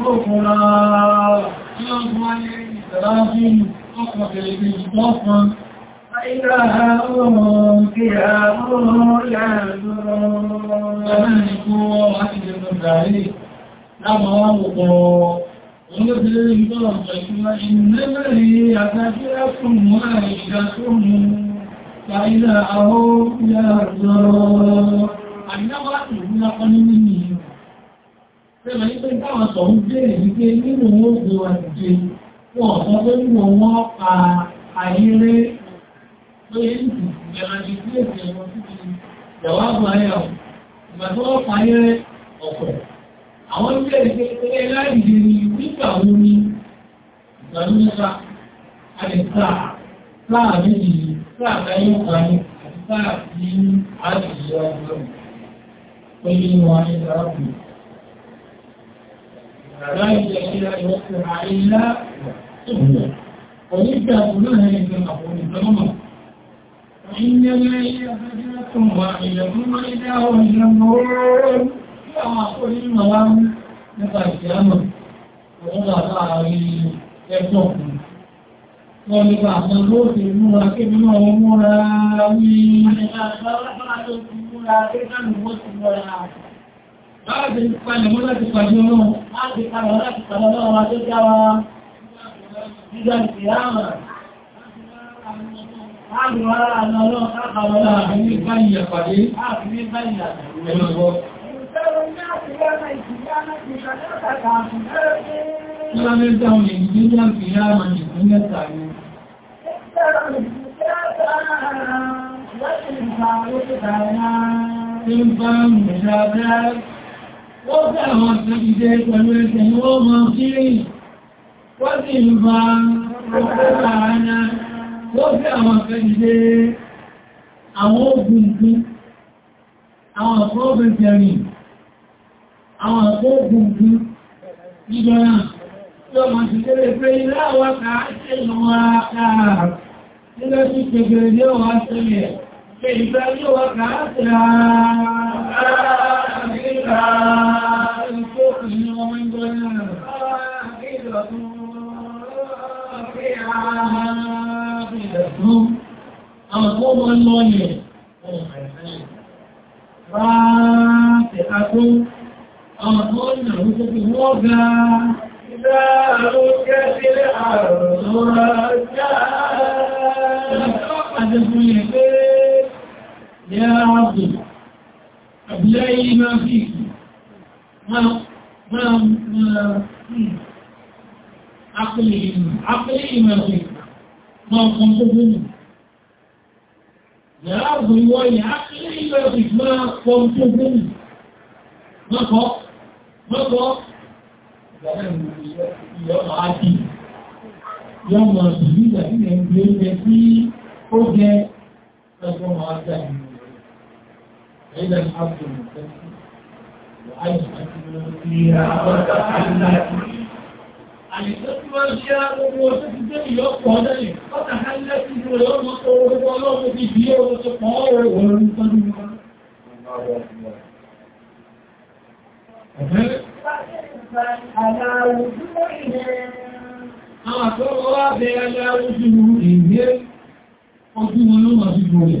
Láàmà wá mọ̀kọ̀ olóbìnrin ìgbọ́nà pẹ̀lú ìnẹ́mẹ̀rẹ̀ àtàkì ẹkùn mọ́ àìṣà tó mú ṣàílà àwọn ìyá àjọ́ àìyáwá ìrúnlápọ̀ nínú ìyẹn. Sẹ́mọ̀ ní pé káwọn sọ ń bèèrè wípé nínú wọn gbé wa jẹ wọn sọ pé nínú wọn pa ayéré lóye ní ìgbẹ̀rẹ̀ ní bí èsì ẹ̀wọ̀n títí ìjọba àbọ̀ ayọ̀. Ìgbà tó wọ́n pa ayéré ọ̀pọ̀. Àwọn bèèrè pé ẹgbẹ́ láìdí ni nígbà wo ni ìgbà ló لا يجب أن يوفر إلا ويبدأ كلها عند المقول الظلمة وإنما هي فتنة واحدة ثم إذا هم ينظرون كما قل المرام نقل الكلام وإذا تعالي يبدأكم ولما أخذوك المراكب وهم مراوين إذا أخذوا رحمة المراكب المسلم والعافية láti palẹ̀mọ́ láti pàdé ọlọ́run láti kalọ̀ láti pàdé ọlọ́run wa tó jáwa nígbà tí a mọ̀ láti wá àwọn ọlọ́run káàkàwọ́ láàrin ní báyìí àpàdé láti ní báyìí àpàdé Ìjọba mẹ́ta ọmọ ìgbìyànjú àti ìyá àmà ìgbìyànjú ni. Ìjọba mẹ́ta ọmọ ìgbìyànjú ó fẹ́ àwọn àtàkìdẹ pẹ̀lú ẹsẹ̀ ni ó mọ sílé wọ́n sì ń bá ọkọ̀ọ́ta ara ó fẹ́ àwọn àtàkìdẹ àwọn ogun nǹkan àwọn àkọ́ àwọn àkọ́ ogun nǹkan nígbà náà tó pé ilé àwọ́ta ṣe ìwọ̀n àkàrà nígbà tí pẹ̀lú pé ìgbà yóò wà kàá Àwọn tó mọ́ lọ yẹ Ráàtẹ̀ àtó, àwọn tó ìnà ń tó fi wọ́n ga ìdáàrú kẹ́sílẹ̀ àrùn lọ́rọ̀ jáà. Àjẹ́fún yẹ pé yẹ́ àbò, àbúlẹ́ yìí máa fi ما ما ما عقلهم عقلهم الغيبة ما قمتهم لا أرض رواية عقلهم الغيبة ما قمتهم ما قمت ما قمت يوم عادي يوم عادي لكن يمكن في أوجه فهو عادي إذا الحق المتسلسل Àyíká tí wọ́n ṣe gbogbo oṣù ti dé ìyọ́pọ̀ ọdẹ́lẹ̀, ọ́ta ha bẹ̀rẹ̀ aláwọ́jú ìgbé ọdún olóòmọ̀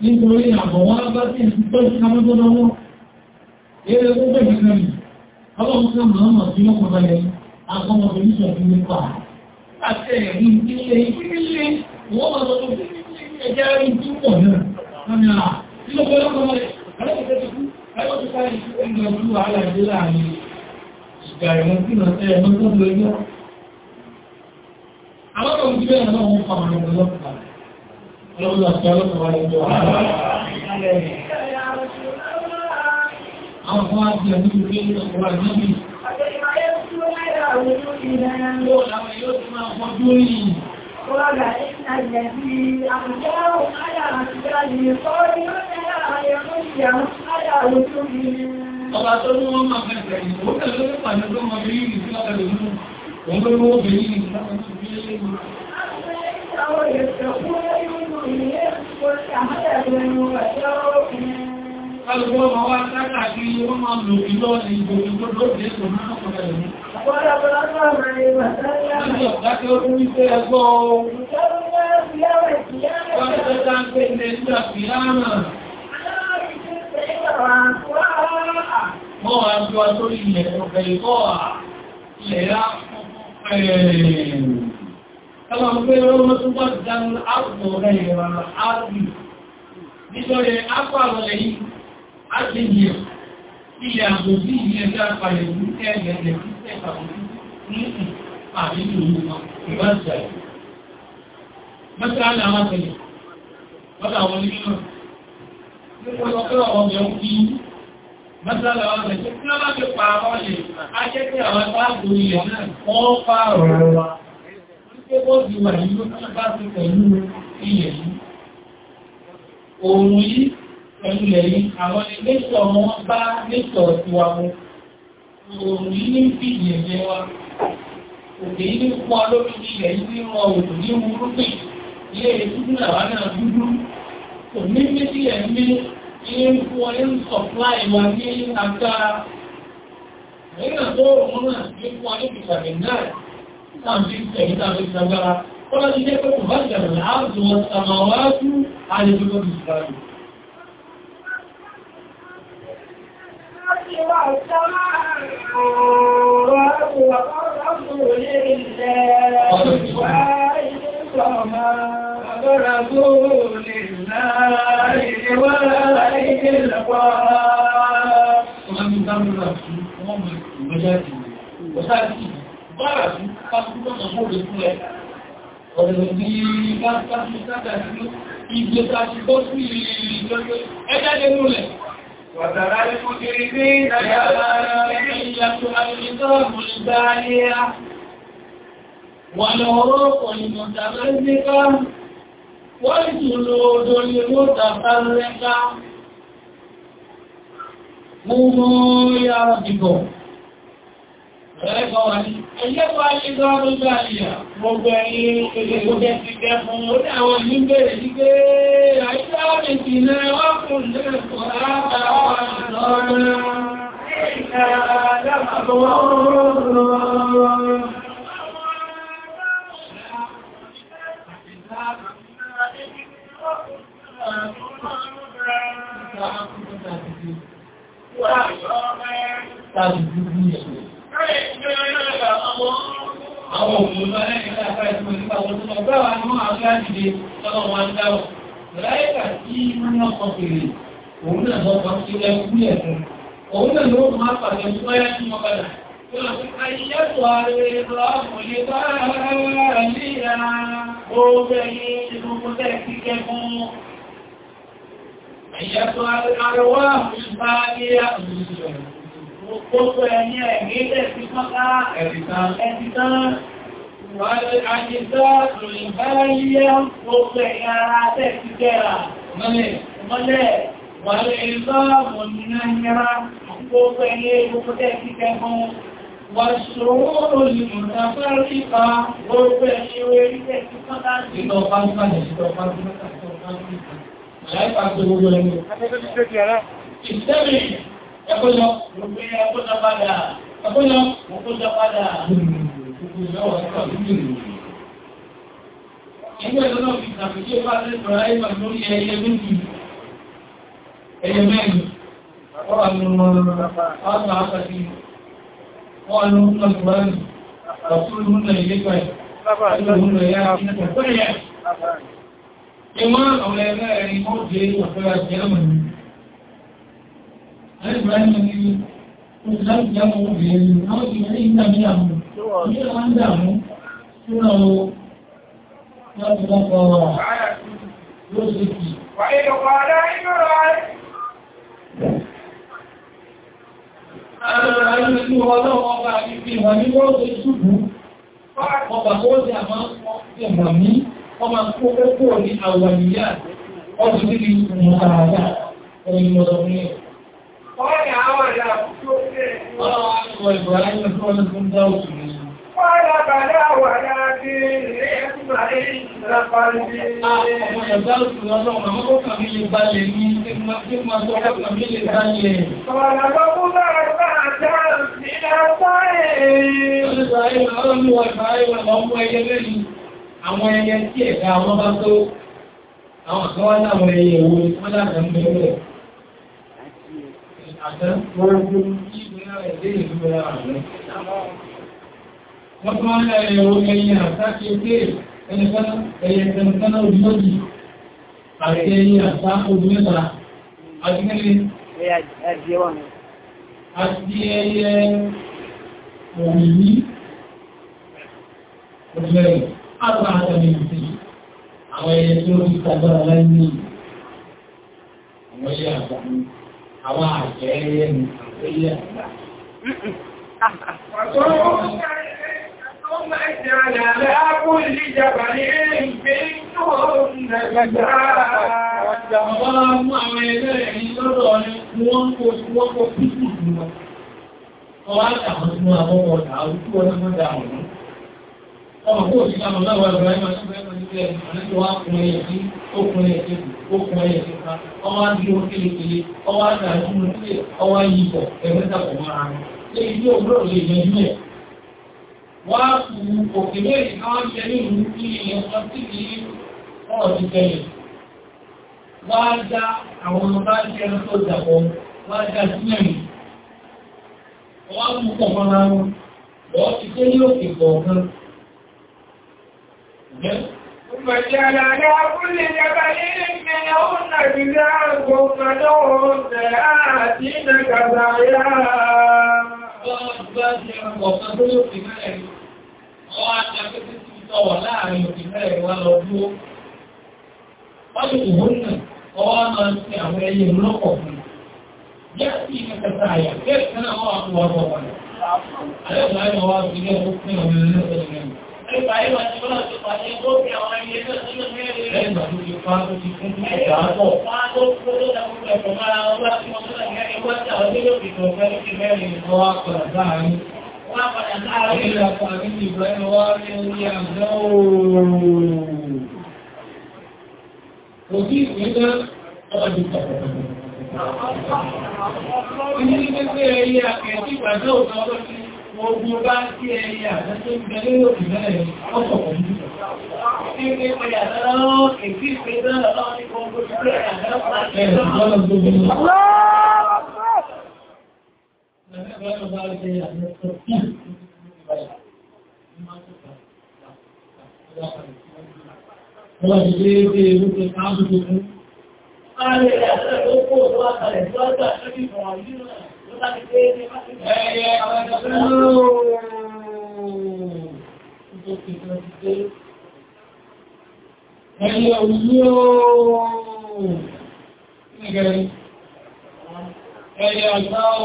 nítorí àbọ̀wọ́ bá sí ìsìtọ́ ìsìnkàmọ́tọ́lọ́wọ́ eré púpọ̀ ìsìnkàmì ọlọ́pùsá màámà tí wọ́n kọ̀ báyẹ̀ àkọmọ̀ tó níṣọ̀ sí nípa àti ẹ̀rí ilé ìpínlẹ̀ wọ́n bá lọ́pọ̀ ẹjẹ́ rí tí pọ̀ náà Àwọn ọmọ ìgbẹ́ àwọn ọmọ ọmọ ọmọ ọlọ́pàá lọ́wọ́ ọ̀pọ̀lọpọ̀ wà lọ́jọ́ àwọn ọmọ àti ẹ̀mí ìgbé ìjọba níbi Yóò láwọn yóò ti máa fọ́jú yìí. Wọ́n gà ní àjẹ̀bí àmújẹ́ àwọn aláàrùn ti dájú ìfọ́rí ó tẹ́lá àyẹ̀mọ́ ìyàwó aláàrùn tó bí. Ọba tó ní wọ́n máa fẹ́ tẹ̀lé, ó tẹ̀lé ó pàdé tó mọ̀ bí yìí sí ọ̀tẹ̀lé mú. Wọ́n obìnrin yìí láwọn ti bí lé mú. Alùgbọ́ ọmọ wá sáàkà bí ó máa lò ìlọ́ ìgbò ìgbòdó ìgbò náà kọ̀ọ̀lẹ̀ ní. Ọ̀pọ̀lọpọ̀ ọ̀pọ̀lọpọ̀ ọ̀rẹ́ ìgbàtàlẹ́ àmì ọ̀dákẹ́ ó ní pé ẹgbọ́ ohun. Ìjọba ìyáwẹ̀ ìyáwẹ̀. Wọ́n tó dá ń pè ní ẹjọ́ ìyáwẹ̀. Mọ́ àjọ́ àtórí ilẹ̀ ọ̀pẹ̀lẹ̀kọ́ ẹwà ń pé wọ́n tún wọ́n ti dánú ápùpọ̀ ẹ̀rọ ápù nítorí ápù àwọn ẹ̀yìn ápùpọ̀ ilẹ̀ àgbòsí ilẹ̀ ẹgbẹ́ apàlẹ̀ ní ẹgbẹ̀ẹ̀gbẹ̀ tí tẹ́ta ní àbí ìlú ìbáṣà mẹ́ta ní àwọn àtẹ̀lẹ̀ lọ́dà àwọn onímọ̀ nípa ọ̀pẹ́ ọ̀gbẹ̀ ń kí mẹ́ta ní àwọn àtẹ̀lẹ̀ tí wọ́n bá fi pààrọ̀ ilẹ̀ ajẹ́ pé àwọn pé wọ́n ti wà nínú tí bá ti pẹ̀lú ilẹ̀ yìí òun yìí pẹ̀lú ilẹ̀ yìí àwọn ilé ìṣọ́ wọn bá lẹ́tọ̀ ti wà mú òun yìí ní fi ìyẹ̀yẹ wa òkè yìí ní pọ́ lórí ilẹ̀ yìí ní wọn òkè ní mú ilé ìtúkú náà dúdú تعمل تهيد عمل سبقها ولا يجب أن تفكر العرض والسماوات على جبل الإسلام ورسول الله وعليه الأقوام ومن ذنب رسول ومن مجاز وسائل bára sí kápítọ̀ ọmọ òde fún ẹ ọ̀rọ̀ ní kápítọ̀ ìgbé kápítọ̀ sí ìjọjọ́ ẹjá lé múlẹ̀ Wàtàrà lè fún kiri bí ìdájá ààrẹ ìyàtọ̀ àìyíká mọ̀lẹ̀dá ayé á. Wà lọ́rọ̀ ọ̀pọ̀ ìmọ̀ta lẹ́gbẹ́ká, wọ́n ìtùlò odò lè mọ́ta bá lẹ́ká. Mú mọ́ yára dìbọ̀. Ẹjẹ́ pa ṣe gbọ́rọ̀ gbà ìyà, gbogbo ẹ̀yìn ìgbẹ̀gbẹ̀ ti gẹ́ fún orí àwọn ìlú bẹ̀rẹ̀ sí pé àìsá ọ̀rẹ̀sì náà wọ́n fún lẹ́ẹ̀kọ́ látàwọn ìlọ́rọ̀. Tàbí gbogbo ìṣòro àwọn òmùlọ ẹ̀kẹ́ta àfẹ́ ìsinmi nípa wọn tó lọ gbáwà ní wọ́n àgbá dìde lọ́wọ́ wọn ń dáwọ̀. láìka tí wọ́n kọ fèrè òun náà lọ bá ti rẹ̀ kú ẹ̀fún òun náà ló máa pàdé fún ẹ̀yà tí wọ́n padà tó lọ sí ayẹ́tò ààrẹ lọ́mọlé bá níra gbogbo ẹ̀yìn ìdúgbò tẹ́ kíkẹ́ fún ayẹ́tò ààrẹ wà fún ìbá níra òun Gbogbo ẹni ẹ̀mí ẹ̀sí pátá ẹ̀sìtán. Ẹ̀sìtán. Àjìtá ìbáyíyá gbogbo ẹ̀yà ara tẹ́sí kẹ́ra. Mọ́lẹ̀. Mọ́lẹ̀. Wàlẹ̀ ìlọ́mù náírà gbogbo ẹni gbogbo tẹ́sí kẹ́kọ́. Wàṣòro olùmọ̀tàfẹ́ríkà gbogbo ẹni orí tẹ́sí pátá. Ìtọ̀ pátá ìṣẹ́ pátá ìṣẹ́ pátá. Ìṣẹ́ ẹ̀kọ́jọ́ mo pé ẹ̀kọ́jọ́ padà ẹ̀kọ́jọ́ mo kọ́jọ́ padà ẹgbẹ́ ìlọ́nà fi tàbí bá lẹ́sọ̀rọ̀ ayébà lórí ẹyẹ méjì ẹyẹ mẹ́rin wọ́n lọ ọ̀rọ̀ àpàtì wọ́n lọ ọ̀rọ̀ ìgbàlẹ̀ ọ̀tún ìmúnà ìlẹ́gbà ìlúmọ̀ ẹ̀yà ìpínlẹ̀ ìwọ́n àwọn ẹ̀rẹ́ ẹ̀rin mọ́ ẹ̀rùn ẹni ní oṣìṣẹ́ ìyàwó obìnrin náà ti rí ìgbà ní àwọn ní àwọn ń dàmú nínú ọ̀rọ̀ láti lọ́pọ̀ ọ̀rọ̀ lóṣèkì. Wàyé ọ̀pọ̀ adá inú rẹ̀. Ààrẹ ayé ní ọlọ́wọ́ bá fífi wà ní wọ́n ṣe ṣùgbù. Ọba kó ṣe àmá ẹ̀mọ̀ ní ọmọ kó kókó ní àwàníyà ọdún níbi ìmọ̀ àwàdà ẹ̀yìn mọ̀tọ̀ ní ẹ̀kọ́. Àwọn ẹyẹ tí ẹ̀ka wọn bá tó, àwọn kan wá láwọn ẹyẹ wo, wọ́n láti ń bẹ̀rẹ̀. Wọ́n tó wọ́n lẹ́rẹ̀ ẹ̀rọ ẹ̀yìn àtàkì pé ẹnìkan ẹ̀yẹ̀kẹ̀ẹ̀kẹ́ná òjúlójì àti ẹ̀yìn àtà òjúlẹ́ta àti nílé àti ẹ̀yẹ òmìnirí òjúlẹ́rẹ̀. Àgbà àtàmì ìsìn àwọn ẹ̀yẹ tí ó ti tàbí àwọn àjẹ́ ẹni àpẹẹlẹ̀ àgbà. Ọwọ́ àtàwọn tí wọ́n àwọn ọ̀dà àwùjọ ọlọ́mọdà ọ̀nà ọmọ kó òsì ká màmá wa ìbúra ẹ̀ma ṣùgbọ́n ẹ̀ma nígbà ẹ̀ma wa kun ẹ̀yẹ̀ sí okun ẹ̀yẹ̀ sí okun ẹ̀yẹ̀ sí fa ọwọ́ á dúró kélékélé ọwọ́ á dà ẹ̀kú mu sílẹ̀ ọwọ́ á yí bọ̀ ẹ̀rọ ń dàpọ̀ mọ́ra rẹ̀ ṣé ibi òwúrọ̀ lè yẹ ní ẹ̀. wá kú òkè mẹ́rin káwọn ṣe ní ìlú kí ẹ̀yẹ kan ti ṣe ní òkè kọ̀ọ̀kan فجعل على náà, ọwọ́ máa ń tí àwọn ẹyẹ lọ́pọ̀ fún. Yẹ́ sí ìmẹ́ta sáàyà, bẹ́ẹ̀ kanáà wọ́n àwọn ọmọ ọmọ ọmọ wọ́n wá padà láàrin òbí ìpínlẹ̀ ọdún pàtàkì. Ilé gbígbé ẹyẹ àkẹ́sí ìgbàjọ́ òkan lọ́sí bá sí ẹyẹ àtẹ́sí ìgbẹ̀lẹ́ òkìlẹ̀ ọ̀pọ̀ pẹ̀lú. Ilé Ọlá ti lé bí ewu tó Ààrẹ ẹ̀ṣẹ́ tó kó tó wá tó wá gbà tó bí fọ̀ àwọn ìlú náà ló bá ti lé ní máa ti bẹ̀rẹ̀ àwọn ẹ̀ṣẹ́ tó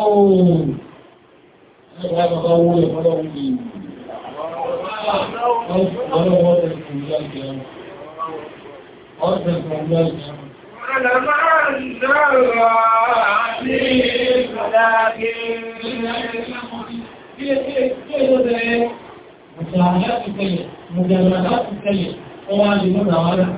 kú. مجرمات السيد هو هذه المدعوة لها.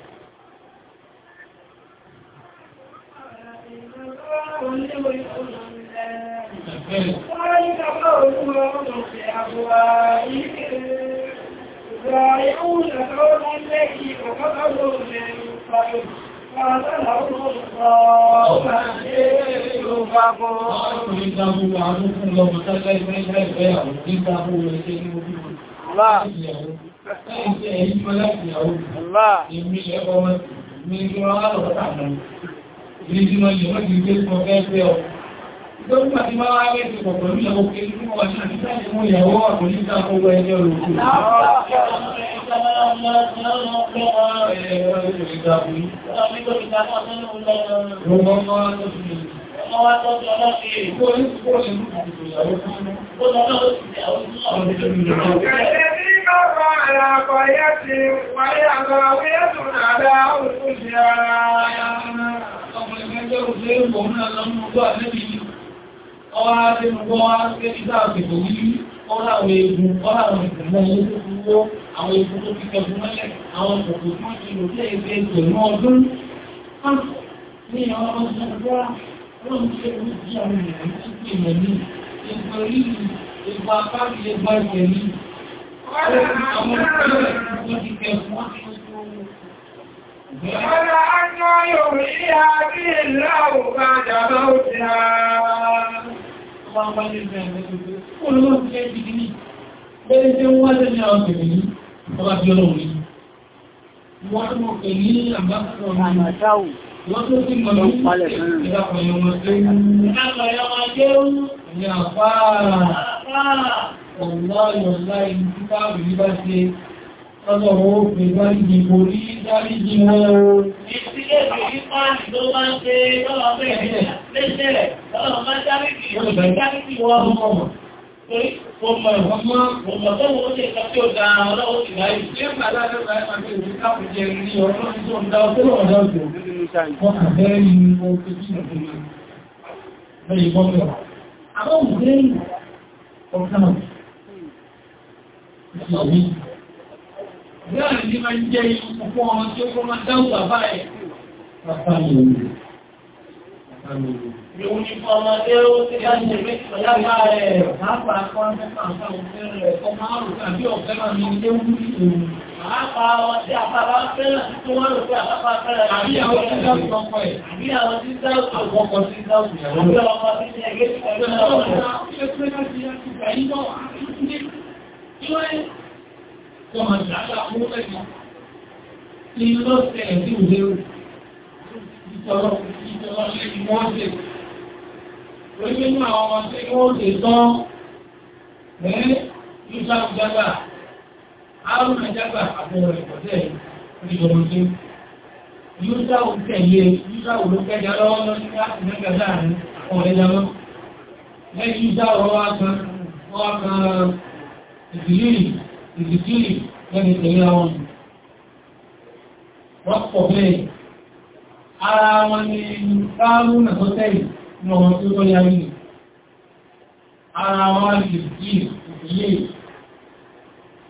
ذلك قولهم بأبوائهم يبايعون قولا الذي فقدروا من قبل Allah ní tí wọ́n lè wọ́n ti gbé fún ọgbẹ́ ẹgbẹ́ ọ. Ìjọba ti máa wá rẹ̀ ti pọ̀ pẹ̀lú ìyàwó kí ní wọ́n ṣe àti sáàlì fún ìyàwó àkòníta owó ẹjọ́ lòkú. Àwọn ọmọ مر على قرية وهي خاوية على عروشها Ọwá tí mo gbọ́ wá pé ìdá àgbègbè yìí, ọlá àwọn egun, ọlá àwọn ìgbìmọ̀ ilé tó fi wó, àwọn egun tó àwọn kòkò tó àwọn ọmọ Ìjọba àjọ yóò rí àbí ìlàwò bá jàbá ó ti ha. Ọba ń bá ní ìgbẹ̀rẹ̀ lẹ́gbẹ̀rẹ̀. Ó lọ́wọ́ ti jẹ́ ìdí ní. Bẹ́ẹ̀ tí ó wá jẹ́ ní àwọn ìgbẹ̀rẹ̀ ní, ọba bí ọlọ́run ní. Wọ́n tó mọ̀ pẹ̀lú àbáfẹ́ ọ̀rọ̀ wọ́n tó sí mọ̀ ní palẹ̀ fún ìdápọ̀ ìyọmọ̀ ọ̀láyọ̀lá ìlú káàrí bá ṣe ọlọ́run ó pè dáríjì kò rí dáríjì wọn o ìsílẹ̀ ìlú pàtàkì ló máa ń ṣe lọ́wọ́ lẹ́sẹ̀rẹ̀ lọ́wọ́ máa dáríjì wọ́n dáríjì wọ́n mọ̀ Ọmọ ọmọ ọmọ tó wọ́n ṣe ìkàtí ọ̀dá ọlọ́wọ́ ti láyé. Ṣé bàbá lọ́wọ́ ẹ̀mà tí ó ti káàkiri jẹ́ ní ọdún tó ń dá ọdún ọ̀dọ́ ọ̀dọ́. Wọ́n kàfẹ́ yìí ni wọ́n fi kí ọdún náà. Bẹ́ẹ̀ ìbọn mẹ́wàá. Àwọn ìsọ̀mí. Ìyáà ní máa ń jẹ́ ìṣòkò fún ọmọ tí ó kọ́ máa dáhùn bàbá ẹ̀. Bàbá mi ò lè. Bàbá mi ò lè. Ìwọ̀n ni fún ọmọdé ó ti dá ní ẹgbẹ́ ìpàdá bá rẹ̀ pàápàá kọ́ mẹ́fà àwọn ọ̀fẹ́ rẹ̀ kọ́ máa rò tàbí ọ̀fẹ́ máa mi lé wú ìròyìn. Pàápàá ọtí àpapá fẹ́ràn tí wọ́n rò pé àpapá fẹ́ràn. Àbí àwọn lórí ọmọ ìdájọ́ fún ẹ̀yọ́ ní ló tẹ̀lé sí ìlérò ìtọ́rọ̀ ìtọ́rọ̀ lẹ́yìn wọ́n ṣe lórí nínú àwọn ọmọ tí wọ́n ṣe tán ní yúṣà jágbà àrùn jágbà àbẹ̀wò ìpọ̀jẹ́ ìjọ̀rọ̀dé yúṣà ò tẹ̀lé yúṣà ò ló kẹjà lọ́wọ́ lọ́sí láti mẹ́kẹ̀ láàrin ọ̀rẹ́jà lọ lẹ́yìn yúṣà ìdílìrì ìdíkìrì lẹ́nu tẹ̀lé àwọn wọ́n pọ̀ bẹ́ẹ̀ ara wọn ni sáàrùn náà tó tẹ́lẹ̀ ní ọmọ tí ó tọ́ yáyé ara wọn ni ìdíkìrì ìdílìrì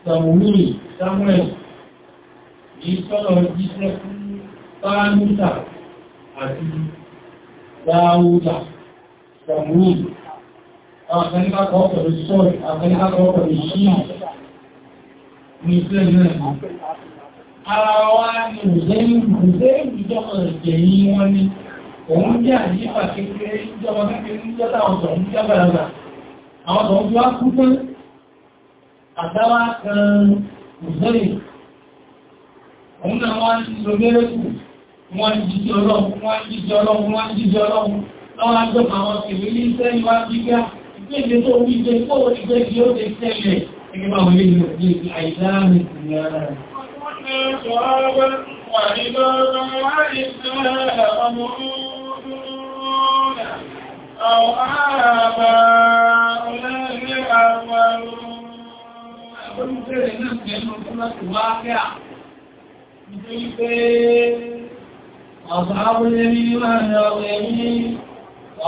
sàmúlì samuel èyí tọ́lọ̀ jíṣẹ́ fún sáàrùn àti dáúdà sàmúlì àwọn kan ní ká kọ́ pẹ̀lú sọ́ọ̀rì àwọn kan ní ká kọ́ pẹ̀lú ṣíì ní ìfẹ́ náà ara wa ni òṣèlú òṣèlú ìjọba ìjẹ̀yìn wọn ni òun jẹ́ àyíká kékeré ìjọba kékeré ìjọba àwọn tó ń jẹ́ bàbà àwọn tó ń fi wá kú tán àdáwà kan òṣèlú òun náà wọ́n ń lo mérekù wọ́n ń jíjẹ́ ọlọ́run wọ́n ń jíjẹ́ ọlọ́run wọ́n ń jíjẹ́ ọlọ́run lọ́wọ́ àjọpọ̀ àwọn kèwé ní sẹ́yìn wá gbígbá léde tó wí jẹ kó ìgbẹ́ tí ó ti tẹ́lẹ̀ ẹgbẹ́ máa wọlé ní òkè àìdáàmì ìyá rẹ̀. Àwọn àwọn ẹni máa ń lọ ẹni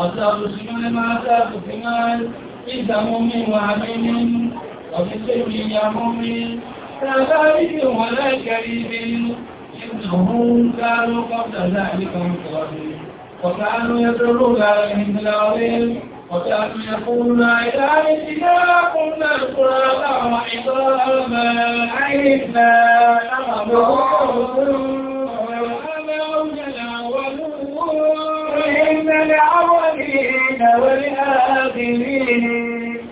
وترسل ما تكتمان في سموم وعميم وفي سر يموم لا بارد ولا كريم إنهم كانوا قبل ذلك مكرمين وكانوا يدرون عليهم بالعظيم وكانوا يقولون إلى مثلنا كنا القرآن وعظاما عينا أمرهم والآخرين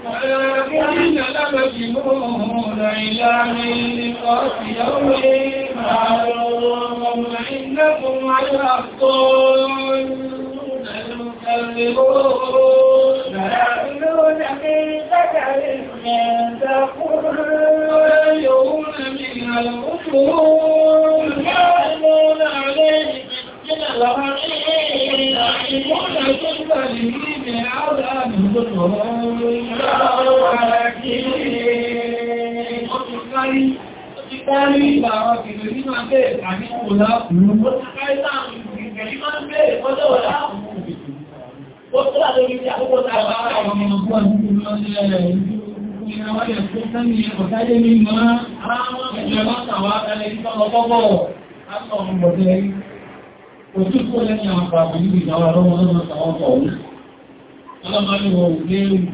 والآخرين لمجنون إلى ميقات يوم معلوم إنكم على الطول تكذبون يعملون حقيقة علم تقول من الأصول يعملون عليه بالسنة العقيم يعلمون كل Ìtàrí ìgbà àwọn ìgbè ní máa bẹ́ẹ̀ tàbí kò láàrùn. Ó ti kárí láàrùn ìgbè ní máa bẹ́ẹ̀ kọ́jọ́ wà láàrùn. Ó tó láàrùn ìgbè ọlọ́mọlúwọ̀ lérú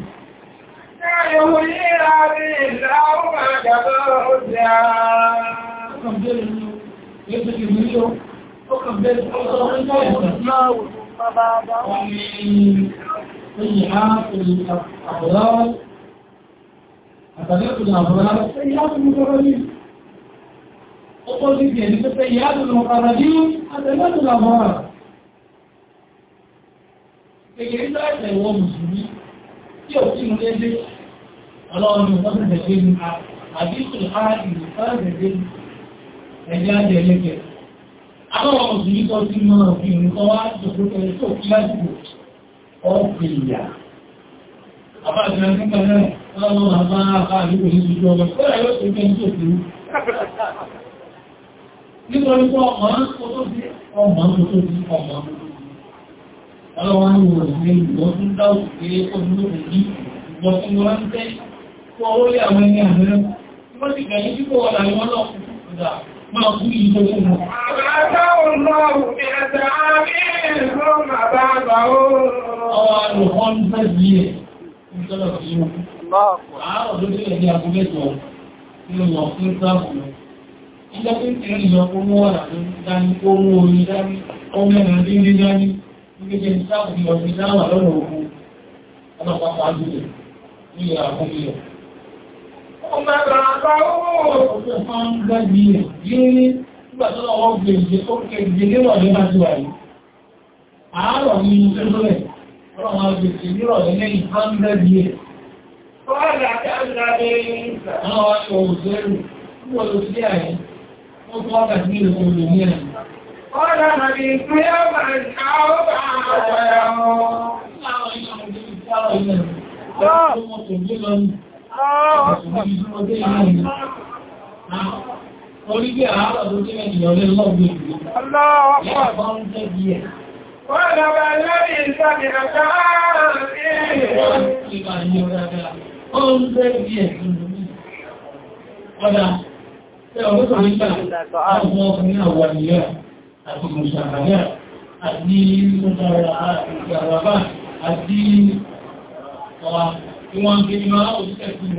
Ọkọ̀ sí ti ẹni tó fẹ́ ìyá àdùn ọ̀pàdàdí, àtẹ̀lẹ́dùn àbọ̀rọ̀. Èyí ń dáìsẹ̀ ìwọ̀n Mùsùlùmí tí ò sí ilé dé ọlọ́run lọ́sẹ̀ ní àdíkù áàdì lọ́sẹ̀ tẹ̀lé ẹ̀jẹ̀ àjẹ́ ẹlẹ́gẹ̀. Àwọn Mùsùlùmí tó ti mọ òfin nǹkan wá tòkó pẹ̀lú tó kí lásìkò ọ̀pẹ̀ ìyà. ọmọ, tó ọmọ tó ọlọ́wọ́n ní wọ̀n ní wọ́n tún dáwò pé olóòrùn ní wọ́n tún wọ́n ń tẹ́ fọ́ orí àwọn ẹni àmìrẹ́ wọ́n ti gbẹ̀yìn tí kò wọ́n Ìjọ́ fún wọ́n àti dání, ó mú orí dání, ó mẹ́rin dín dín dání, ìgbésẹ̀ ní sáà ní ọdún náà lọ́nà òkú ọlọ́pàá àdúgbò ní àwọn ilẹ̀. ọmọ ẹ̀rọ àbáwọ̀ ọ̀sẹ̀ fún gbàgbé yìí nígbà tó lọ́wọ́ gbèjì ó kèjì níwọ̀ ní máa ti wà yìí. قال لبثت يوما أو بعض يوم Orí bí àárọ̀ tó jẹ́ ènìyàn lé lọ́gbẹ̀ ìlú. Aláwọ̀pọ̀. Ẹ̀kọ́ ń tẹ́ bí ẹ̀. Wọ́n lọ bá lórí ìsọ́dẹ̀ ọ̀tọ́ ààrùn sí ẹ̀rọ. Ìgbà ní ọ̀rọ̀ dáadáa. Ó ń tẹ́ bí ẹ̀ ìlú. Ọ̀dá, ẹ̀ ọ̀rọ̀ àti mùsàmàlẹ́ àti mùsàmàlẹ́ àti ìjàràbá àti ọwà tí wọ́n